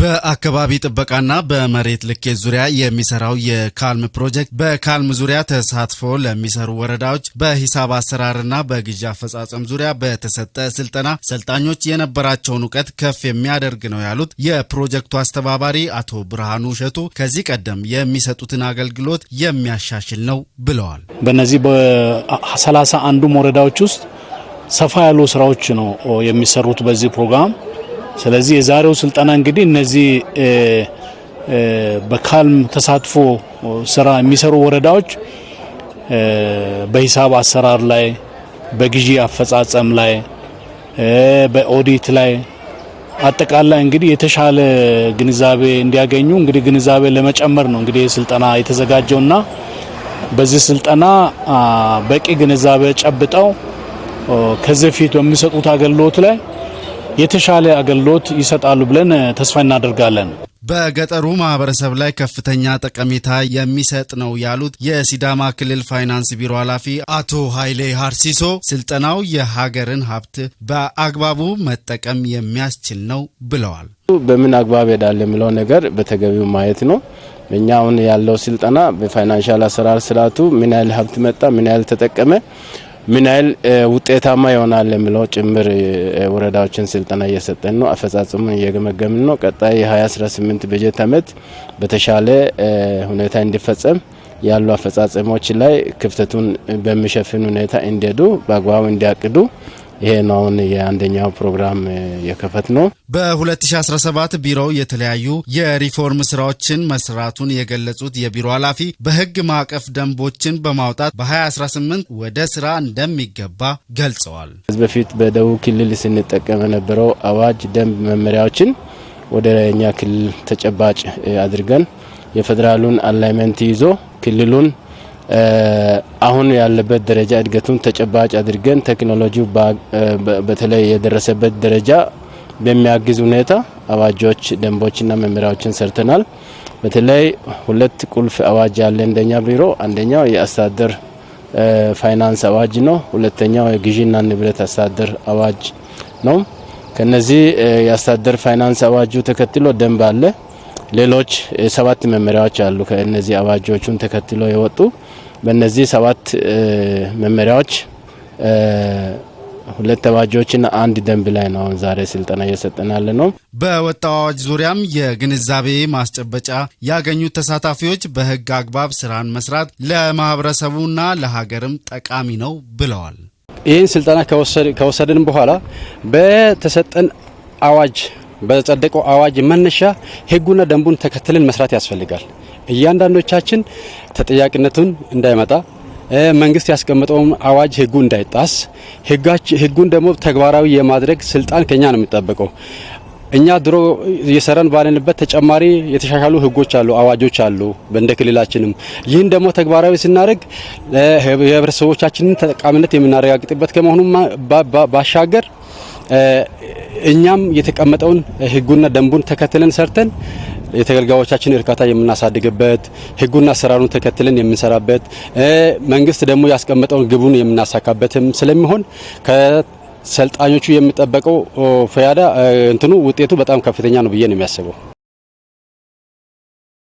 በአካባቢ ጥበቃና በመሬት ልኬት ዙሪያ የሚሰራው የካልም ፕሮጀክት በካልም ዙሪያ ተሳትፎ ለሚሰሩ ወረዳዎች በሂሳብ አሰራርና በግዢ አፈጻጸም ዙሪያ በተሰጠ ስልጠና ሰልጣኞች የነበራቸውን እውቀት ከፍ የሚያደርግ ነው ያሉት የፕሮጀክቱ አስተባባሪ አቶ ብርሃኑ እሸቱ ከዚህ ቀደም የሚሰጡትን አገልግሎት የሚያሻሽል ነው ብለዋል። በነዚህ በሰላሳ አንዱም ወረዳዎች ውስጥ ሰፋ ያሉ ስራዎች ነው የሚሰሩት በዚህ ፕሮግራም ስለዚህ የዛሬው ስልጠና እንግዲህ እነዚህ በካልም ተሳትፎ ስራ የሚሰሩ ወረዳዎች በሂሳብ አሰራር ላይ፣ በግዢ አፈጻጸም ላይ፣ በኦዲት ላይ አጠቃላይ እንግዲህ የተሻለ ግንዛቤ እንዲያገኙ እንግዲህ ግንዛቤ ለመጨመር ነው እንግዲህ ስልጠና የተዘጋጀውና በዚህ ስልጠና በቂ ግንዛቤ ጨብጠው ከዚህ ፊት በሚሰጡት አገልግሎት ላይ የተሻለ አገልግሎት ይሰጣሉ ብለን ተስፋ እናደርጋለን። በገጠሩ ማህበረሰብ ላይ ከፍተኛ ጠቀሜታ የሚሰጥ ነው ያሉት የሲዳማ ክልል ፋይናንስ ቢሮ ኃላፊ አቶ ኃይሌ ሀርሲሶ ስልጠናው የሀገርን ሀብት በአግባቡ መጠቀም የሚያስችል ነው ብለዋል። በምን አግባብ ሄዳል የሚለው ነገር በተገቢው ማየት ነው። እኛ አሁን ያለው ስልጠና በፋይናንሻል አሰራር ስርዓቱ ምን ያህል ሀብት መጣ፣ ምን ያህል ተጠቀመ ምን ያህል ውጤታማ ይሆናል የሚለው ጭምር ወረዳዎችን ስልጠና እየሰጠን ነው። አፈጻጸሙን እየገመገምን ነው። ቀጣይ የ2018 በጀት ዓመት በተሻለ ሁኔታ እንዲፈጸም ያሉ አፈጻጸሞች ላይ ክፍተቱን በሚሸፍን ሁኔታ እንዲሄዱ በአግባቡ እንዲያቅዱ ይሄን አሁን የአንደኛው ፕሮግራም የከፈት ነው። በ2017 ቢሮው የተለያዩ የሪፎርም ስራዎችን መስራቱን የገለጹት የቢሮ ኃላፊ በህግ ማዕቀፍ ደንቦችን በማውጣት በ2018 ወደ ስራ እንደሚገባ ገልጸዋል። ከዚህ በፊት በደቡብ ክልል ስንጠቀም የነበረው አዋጅ፣ ደንብ፣ መመሪያዎችን ወደ እኛ ክልል ተጨባጭ አድርገን የፌዴራሉን አላይመንት ይዞ ክልሉን አሁን ያለበት ደረጃ እድገቱን ተጨባጭ አድርገን ቴክኖሎጂው በተለይ የደረሰበት ደረጃ በሚያግዝ ሁኔታ አዋጆች፣ ደንቦችና መመሪያዎችን ሰርተናል። በተለይ ሁለት ቁልፍ አዋጅ ያለ እንደኛ ቢሮ አንደኛው የአስተዳደር ፋይናንስ አዋጅ ነው። ሁለተኛው የግዢና ንብረት አስተዳደር አዋጅ ነው። ከነዚህ የአስተዳደር ፋይናንስ አዋጁ ተከትሎ ደንብ አለ። ሌሎች ሰባት መመሪያዎች አሉ። ከእነዚህ አዋጆቹን ተከትሎ የወጡ በእነዚህ ሰባት መመሪያዎች ሁለት አዋጆችና አንድ ደንብ ላይ ነው አሁን ዛሬ ስልጠና እየሰጠናል ነው። በወጣው አዋጅ ዙሪያም የግንዛቤ ማስጨበጫ ያገኙት ተሳታፊዎች በህግ አግባብ ስራን መስራት ለማህበረሰቡና ለሀገርም ጠቃሚ ነው ብለዋል። ይህን ስልጠና ከወሰድን በኋላ በተሰጠን አዋጅ በጸደቀው አዋጅ መነሻ ህጉና ደንቡን ተከትለን መስራት ያስፈልጋል። እያንዳንዶቻችን ተጠያቂነቱን እንዳይመጣ መንግስት ያስቀመጠውን አዋጅ ህጉ እንዳይጣስ ህጉን ደግሞ ተግባራዊ የማድረግ ስልጣን ከኛ ነው የሚጠበቀው። እኛ ድሮ የሰራን ባለንበት ተጨማሪ የተሻሻሉ ህጎች አሉ፣ አዋጆች አሉ። እንደ ክልላችንም ይህን ደግሞ ተግባራዊ ስናደርግ የህብረተሰቦቻችንን ተጠቃሚነት የምናረጋግጥበት ከመሆኑ ባሻገር እኛም የተቀመጠውን ህጉና ደንቡን ተከትለን ሰርተን የተገልጋዮቻችን እርካታ የምናሳድግበት ህጉና አሰራሩን ተከትለን የምንሰራበት መንግስት ደግሞ ያስቀመጠውን ግቡን የምናሳካበትም ስለሚሆን ሰልጣኞቹ የሚጠበቀው ፈያዳ እንትኑ ውጤቱ በጣም ከፍተኛ ነው ብዬ ነው የሚያስበው።